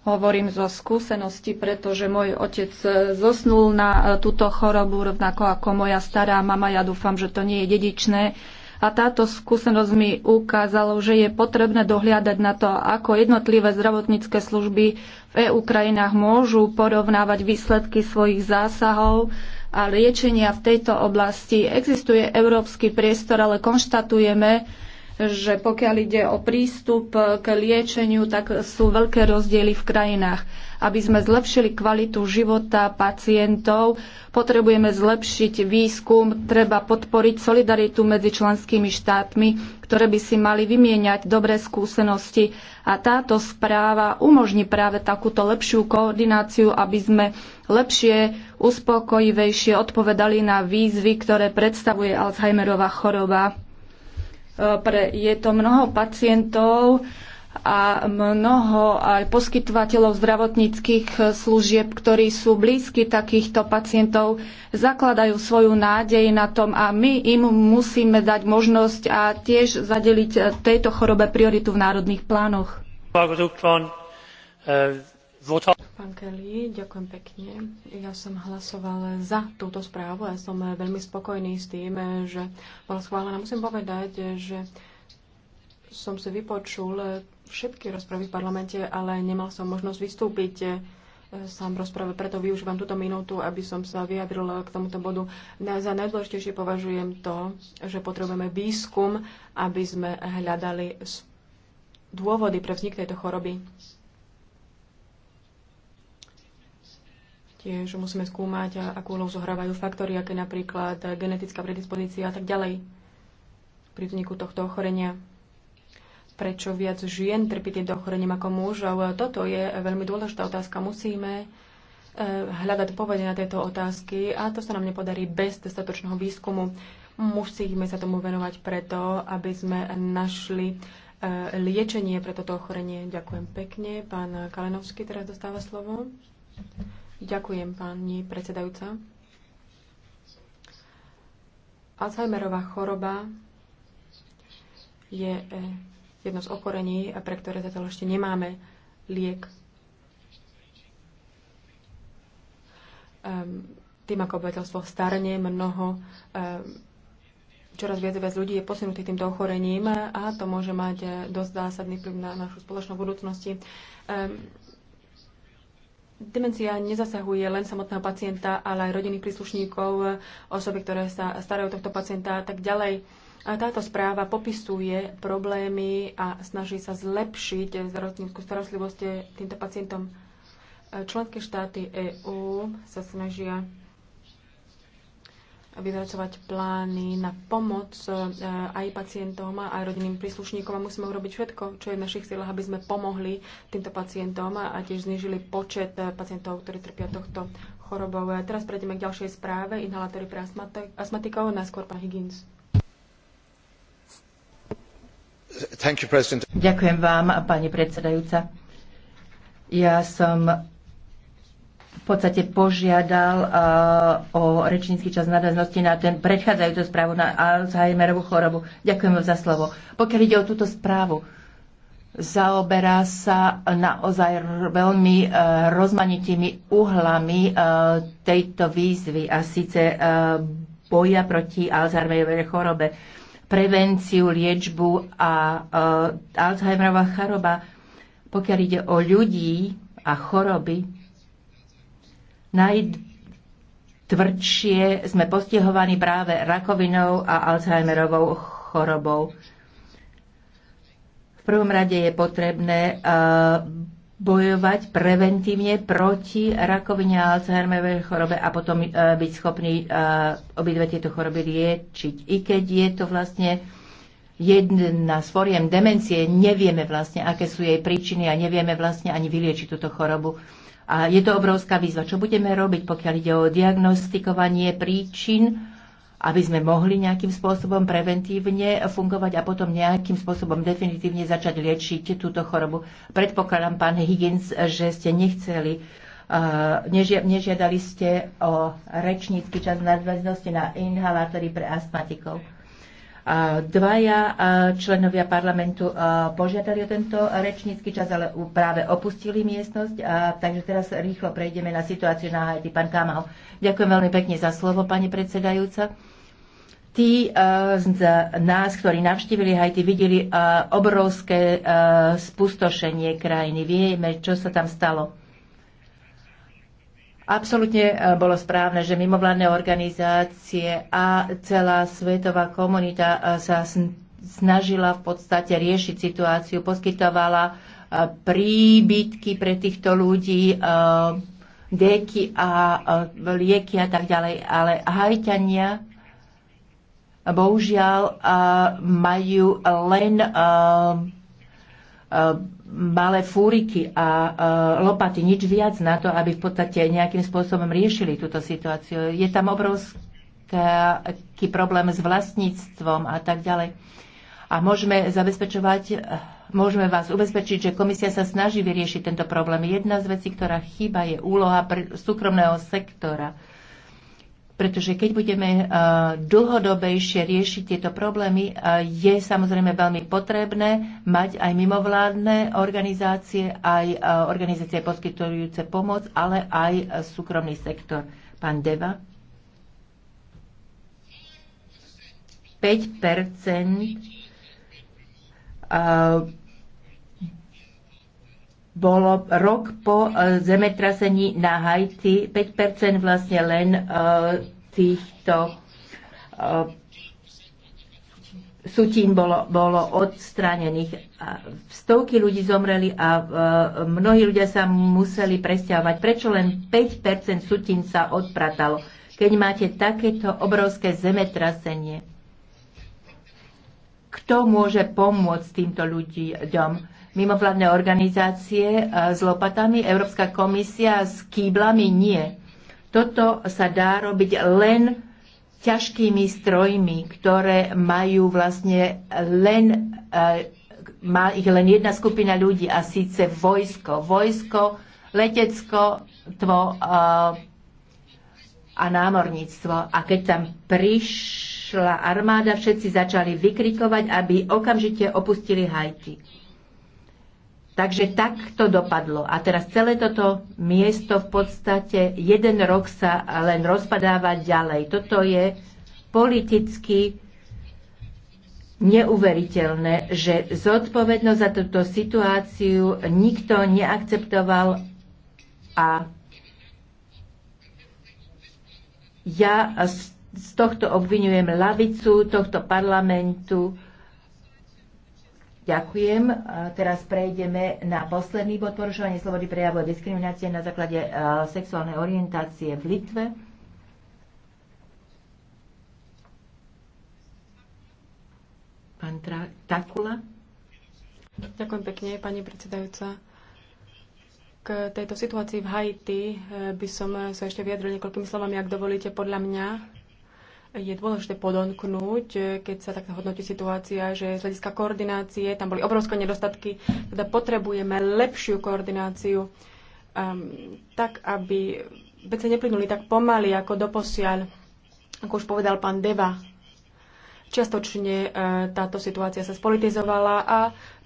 Hovorím zo skúsenosti, pretože môj otec e, zosnul na e, túto chorobu, rovnako ako moja stará mama. Ja dúfam, že to nie je dedičné. A táto skúsenosť mi ukázala, že je potrebné dohliadať na to, ako jednotlivé zdravotnícke služby v EU krajinách môžu porovnávať výsledky svojich zásahov a liečenia v tejto oblasti. Existuje európsky priestor, ale konštatujeme, že pokiaľ ide o prístup k liečeniu, tak sú veľké rozdiely v krajinách. Aby sme zlepšili kvalitu života pacientov, potrebujeme zlepšiť výskum, treba podporiť solidaritu medzi členskými štátmi, ktoré by si mali vymieňať dobré skúsenosti. A táto správa umožní práve takúto lepšiu koordináciu, aby sme lepšie, uspokojivejšie odpovedali na výzvy, ktoré predstavuje Alzheimerová choroba. Eh, pre, je to mnoho pacientov a mnoho aj poskytovateľov zdravotníckých eh, služieb, ktorí sú blízky takýchto pacientov, zakladajú svoju nádej na tom a my im musíme dať možnosť a tiež zadeliť eh, tejto chorobe prioritu v národných plánoch. Pán Kelly, ďakujem pekne. Ja som hlasoval za túto správu a som veľmi spokojný s tým, že bola schválená. Musím povedať, že som si vypočul všetky rozpravy v parlamente, ale nemal som možnosť vystúpiť eh, sám v rozprave, preto využívam túto minútu, aby som sa vyjadril k tomuto bodu. Za najdôležitejšie považujem to, že potrebujeme výskum, aby sme hľadali dôvody pre vznik tejto choroby Tiež musíme skúmať, akú úlohu zohrávajú faktory, aké napríklad genetická predispozícia a tak ďalej pri vzniku tohto ochorenia. Prečo viac žien trpí týmto ochorením ako mužov? Toto je veľmi dôležitá otázka. Musíme e, hľadať povede na tieto otázky a to sa nám nepodarí bez dostatočného výskumu. Musíme sa tomu venovať preto, aby sme našli e, liečenie pre toto ochorenie. Ďakujem pekne. Pán Kalenovský teraz dostáva slovo. Ďakujem, pani predsedajúca. Alzheimerová choroba je eh, jedno z okorení, pre ktoré zatiaľ ešte nemáme liek. Ehm, tým, ako obyvateľstvo starne, mnoho ehm, čoraz viac viac ľudí je posunutých týmto ochorením a to môže mať eh, dosť zásadný vplyv na našu spoločnú budúcnosti. Ehm, Demencia nezasahuje len samotného pacienta, ale aj rodinných príslušníkov, osoby, ktoré sa starajú o tohto pacienta a tak ďalej. A táto správa popisuje problémy a snaží sa zlepšiť zdravotníckú starostlivosť týmto pacientom. Členské štáty EÚ sa snažia vyzračovať plány na pomoc e, aj pacientom, aj rodinným príslušníkom a musíme urobiť všetko, čo je v našich silách, aby sme pomohli týmto pacientom a tiež znižili počet e, pacientov, ktorí trpia tohto chorobou. A teraz prejdeme k ďalšej správe, inhalátory pre astmatikov, najskôr pán Higgins. You, Ďakujem vám, pani predsedajúca. Ja som v podstate požiadal uh, o rečnícky čas nadväznosti na ten predchádzajúcu správu na Alzheimerovú chorobu. Ďakujem vám za slovo. Pokiaľ ide o túto správu, zaoberá sa naozaj veľmi uh, rozmanitými uhlami uh, tejto výzvy a síce uh, boja proti Alzheimerovej chorobe, prevenciu, liečbu a uh, Alzheimerová choroba, pokiaľ ide o ľudí a choroby, Najtvrdšie sme postihovaní práve rakovinou a Alzheimerovou chorobou. V prvom rade je potrebné e, bojovať preventívne proti rakovine a Alzheimerovej chorobe a potom e, byť schopný e, obidve tieto choroby liečiť. I keď je to vlastne jedna z foriem demencie, nevieme vlastne, aké sú jej príčiny a nevieme vlastne ani vyliečiť túto chorobu. A je to obrovská výzva. Čo budeme robiť, pokiaľ ide o diagnostikovanie príčin, aby sme mohli nejakým spôsobom preventívne fungovať a potom nejakým spôsobom definitívne začať liečiť túto chorobu. Predpokladám, pán Higgins, že ste nechceli nežiadali ste o rečnícky čas nadväznosti na inhalátory pre astmatikov. Dvaja členovia parlamentu požiadali o tento rečnícky čas, ale práve opustili miestnosť, takže teraz rýchlo prejdeme na situáciu na Haiti. Pán Kamal, ďakujem veľmi pekne za slovo, pani predsedajúca. Tí e, z nás, ktorí navštívili Haiti, videli e, obrovské e, spustošenie krajiny. Vieme, čo sa tam stalo absolútne e, bolo správne, že mimovládne organizácie a celá svetová komunita e, sa snažila v podstate riešiť situáciu, poskytovala e, príbytky pre týchto ľudí, deky a lieky a tak ďalej, ale hajťania bohužiaľ majú len Eh, malé fúriky a eh, lopaty, nič viac na to, aby v podstate nejakým spôsobom riešili túto situáciu. Je tam obrovský problém s vlastníctvom a tak ďalej. A môžeme zabezpečovať, eh, môžeme vás ubezpečiť, že komisia sa snaží vyriešiť tento problém. Jedna z vecí, ktorá chýba, je úloha súkromného sektora pretože keď budeme e, dlhodobejšie riešiť tieto problémy, e, je samozrejme veľmi potrebné mať aj mimovládne organizácie, aj e, organizácie poskytujúce pomoc, ale aj súkromný sektor. Pán Deva. 5 bolo rok po e, zemetrasení na Haiti 5% vlastne len e, týchto e, sutín bolo, bolo odstranených. stovky ľudí zomreli a mnohí ľudia sa museli presťahovať. Prečo len 5% sutín sa odpratalo, keď máte takéto obrovské zemetrasenie? Kto môže pomôcť týmto ľuďom? mimovládne organizácie e, s lopatami, Európska komisia s kýblami nie. Toto sa dá robiť len ťažkými strojmi, ktoré majú vlastne len, e, má ich len jedna skupina ľudí a síce vojsko. Vojsko, letecko, tvo, e, a námorníctvo. A keď tam prišla armáda, všetci začali vykrikovať, aby okamžite opustili Haiti. Takže tak to dopadlo. A teraz celé toto miesto v podstate jeden rok sa len rozpadáva ďalej. Toto je politicky neuveriteľné, že zodpovednosť za túto situáciu nikto neakceptoval a ja z tohto obvinujem lavicu tohto parlamentu, Ďakujem. E, teraz prejdeme na posledný bod porušovanie slobody prejavu a diskriminácie na základe e, sexuálnej orientácie v Litve. Pán Takula. Ďakujem pekne, pani predsedajúca. K tejto situácii v Haiti e, by som sa ešte vyjadril niekoľkými slovami, ak dovolíte, podľa mňa je dôležité podonknúť, keď sa takto hodnotí situácia, že z hľadiska koordinácie tam boli obrovské nedostatky, teda potrebujeme lepšiu koordináciu, um, tak aby veci neplynuli tak pomaly ako doposiaľ, ako už povedal pán Deva. Čiastočne uh, táto situácia sa spolitizovala a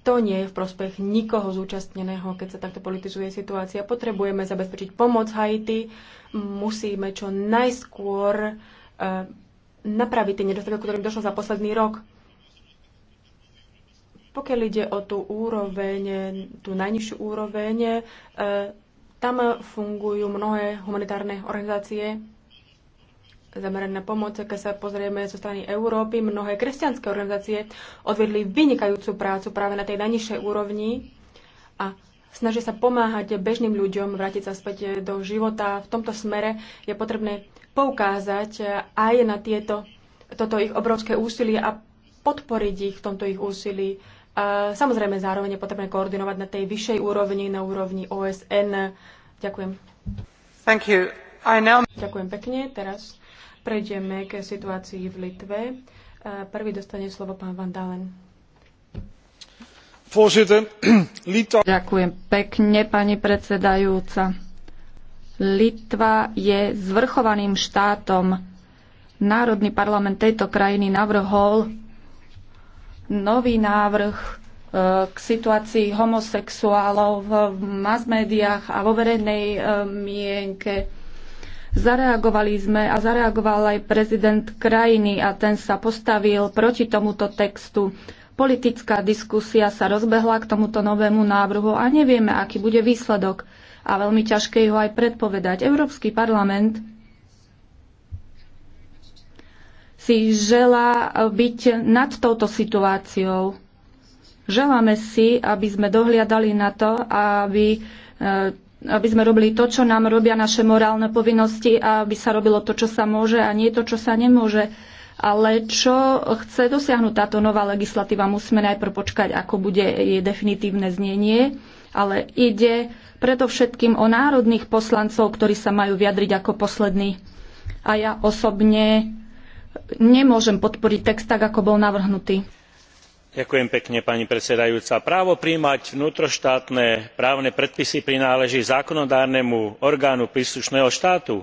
to nie je v prospech nikoho zúčastneného, keď sa takto politizuje situácia. Potrebujeme zabezpečiť pomoc Haiti, musíme čo najskôr uh, napraviť tie nedostatky, ktorým došlo za posledný rok. Pokiaľ ide o tú úroveň, tú najnižšiu úroveň, e, tam fungujú mnohé humanitárne organizácie zamerané na pomoc. Keď sa pozrieme zo strany Európy, mnohé kresťanské organizácie odvedli vynikajúcu prácu práve na tej najnižšej úrovni a snažia sa pomáhať bežným ľuďom vrátiť sa späť do života. V tomto smere je potrebné poukázať aj na tieto, toto ich obrovské úsilie a podporiť ich v tomto ich úsilí. samozrejme, zároveň je potrebné koordinovať na tej vyššej úrovni, na úrovni OSN. Ďakujem. Thank you. I now... Ďakujem pekne. Teraz prejdeme k situácii v Litve. Prvý dostane slovo pán Van Dalen. Ďakujem pekne, pani predsedajúca. Litva je zvrchovaným štátom. Národný parlament tejto krajiny navrhol nový návrh e, k situácii homosexuálov v mass médiách a vo verejnej e, mienke. Zareagovali sme a zareagoval aj prezident krajiny a ten sa postavil proti tomuto textu. Politická diskusia sa rozbehla k tomuto novému návrhu a nevieme, aký bude výsledok a veľmi ťažké ho aj predpovedať. Európsky parlament si želá byť nad touto situáciou. Želáme si, aby sme dohliadali na to, aby eh, aby sme robili to, čo nám robia naše morálne povinnosti a aby sa robilo to, čo sa môže a nie to, čo sa nemôže. Ale čo chce dosiahnuť táto nová legislatíva, musíme najprv počkať, ako bude jej definitívne znenie, ale ide predovšetkým o národných poslancov, ktorí sa majú vyjadriť ako poslední. A ja osobne nemôžem podporiť text tak, ako bol navrhnutý. Ďakujem pekne, pani predsedajúca. Právo príjmať vnútroštátne právne predpisy prináleží zákonodárnemu orgánu príslušného štátu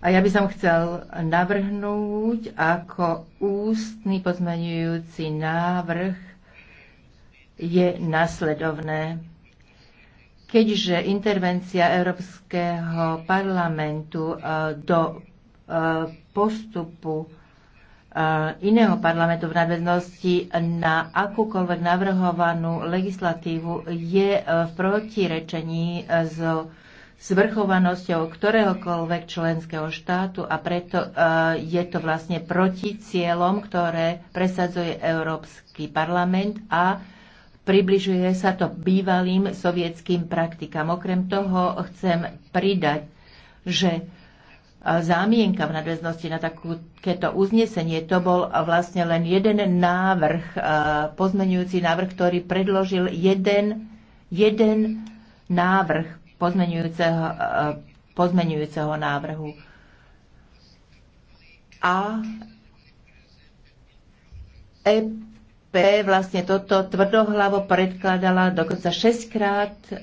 a ja by som chcel navrhnúť ako ústny pozmenujúci návrh je nasledovné. Keďže intervencia Európskeho parlamentu e, do e, postupu e, iného parlamentu v nadväznosti na akúkoľvek navrhovanú legislatívu je v protirečení so svrchovanosťou ktoréhokoľvek členského štátu a preto e, je to vlastne proti cieľom, ktoré presadzuje Európsky parlament a približuje sa to bývalým sovietským praktikám. Okrem toho chcem pridať, že e, zámienka v nadväznosti na takéto uznesenie, to bol vlastne len jeden návrh, e, pozmenujúci návrh, ktorý predložil jeden, jeden návrh pozmenujúceho, e, pozmenujúceho návrhu. A EP vlastne toto tvrdohlavo predkladala dokonca 6 krát e,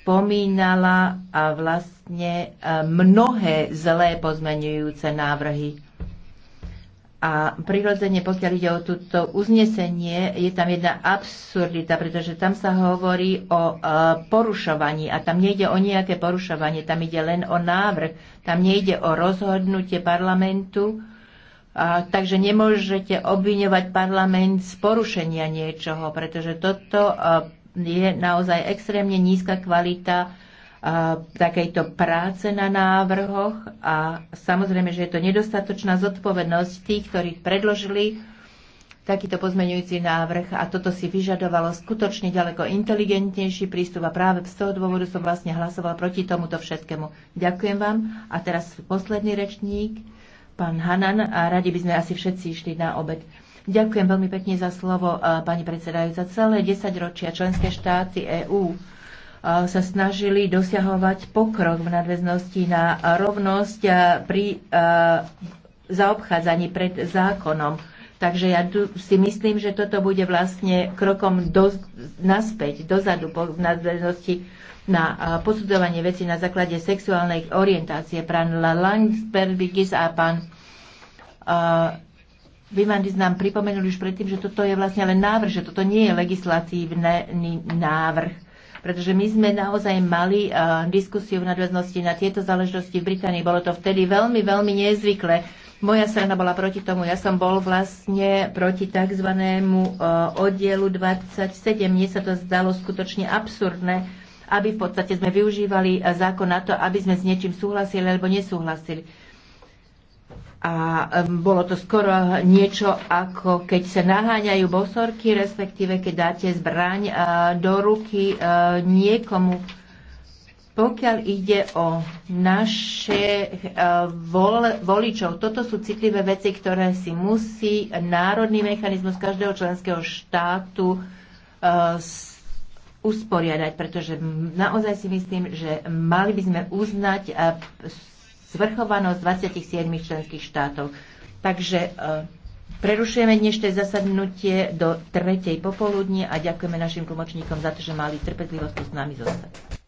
spomínala a vlastne e, mnohé zlé pozmenujúce návrhy. A prirodzene, pokiaľ ide o túto uznesenie, je tam jedna absurdita, pretože tam sa hovorí o e, porušovaní a tam nejde o nejaké porušovanie, tam ide len o návrh, tam nejde o rozhodnutie parlamentu, a, takže nemôžete obviňovať parlament z porušenia niečoho, pretože toto a, e, je naozaj extrémne nízka kvalita takejto práce na návrhoch a samozrejme, že je to nedostatočná zodpovednosť tých, ktorí predložili takýto pozmeňujúci návrh a toto si vyžadovalo skutočne ďaleko inteligentnejší prístup a práve z toho dôvodu som vlastne hlasoval proti tomuto všetkému. Ďakujem vám a teraz posledný rečník, pán Hanan a radi by sme asi všetci išli na obed. Ďakujem veľmi pekne za slovo, pani predsedajúca. Celé 10 ročia členské štáty EÚ sa snažili dosiahovať pokrok v nadväznosti na rovnosť pri zaobchádzaní pred zákonom. Takže ja si myslím, že toto bude vlastne krokom do, naspäť, dozadu v nadväznosti na posudzovanie veci na základe sexuálnej orientácie. Pán Lansbergis a pán uh, Vimandis nám pripomenuli už predtým, že toto je vlastne len návrh, že toto nie je legislatívny návrh pretože my sme naozaj mali e, diskusiu v nadväznosti na tieto záležitosti v Británii. Bolo to vtedy veľmi, veľmi nezvyklé. Moja strana bola proti tomu. Ja som bol vlastne proti tzv. E, oddielu 27. Mne sa to zdalo skutočne absurdné, aby v podstate sme využívali e, zákon na to, aby sme s niečím súhlasili alebo nesúhlasili a bolo to skoro niečo ako keď sa naháňajú bosorky, respektíve keď dáte zbraň e, do ruky e, niekomu. Pokiaľ ide o naše e, voličov, toto sú citlivé veci, ktoré si musí národný mechanizmus každého členského štátu usporiadať, pretože naozaj si myslím, že mali by sme uznať zvrchovanosť 27 členských štátov. Takže e, prerušujeme dnešné zasadnutie do tretej popoludne a ďakujeme našim tlmočníkom za to, že mali trpezlivosť tu s nami zostať.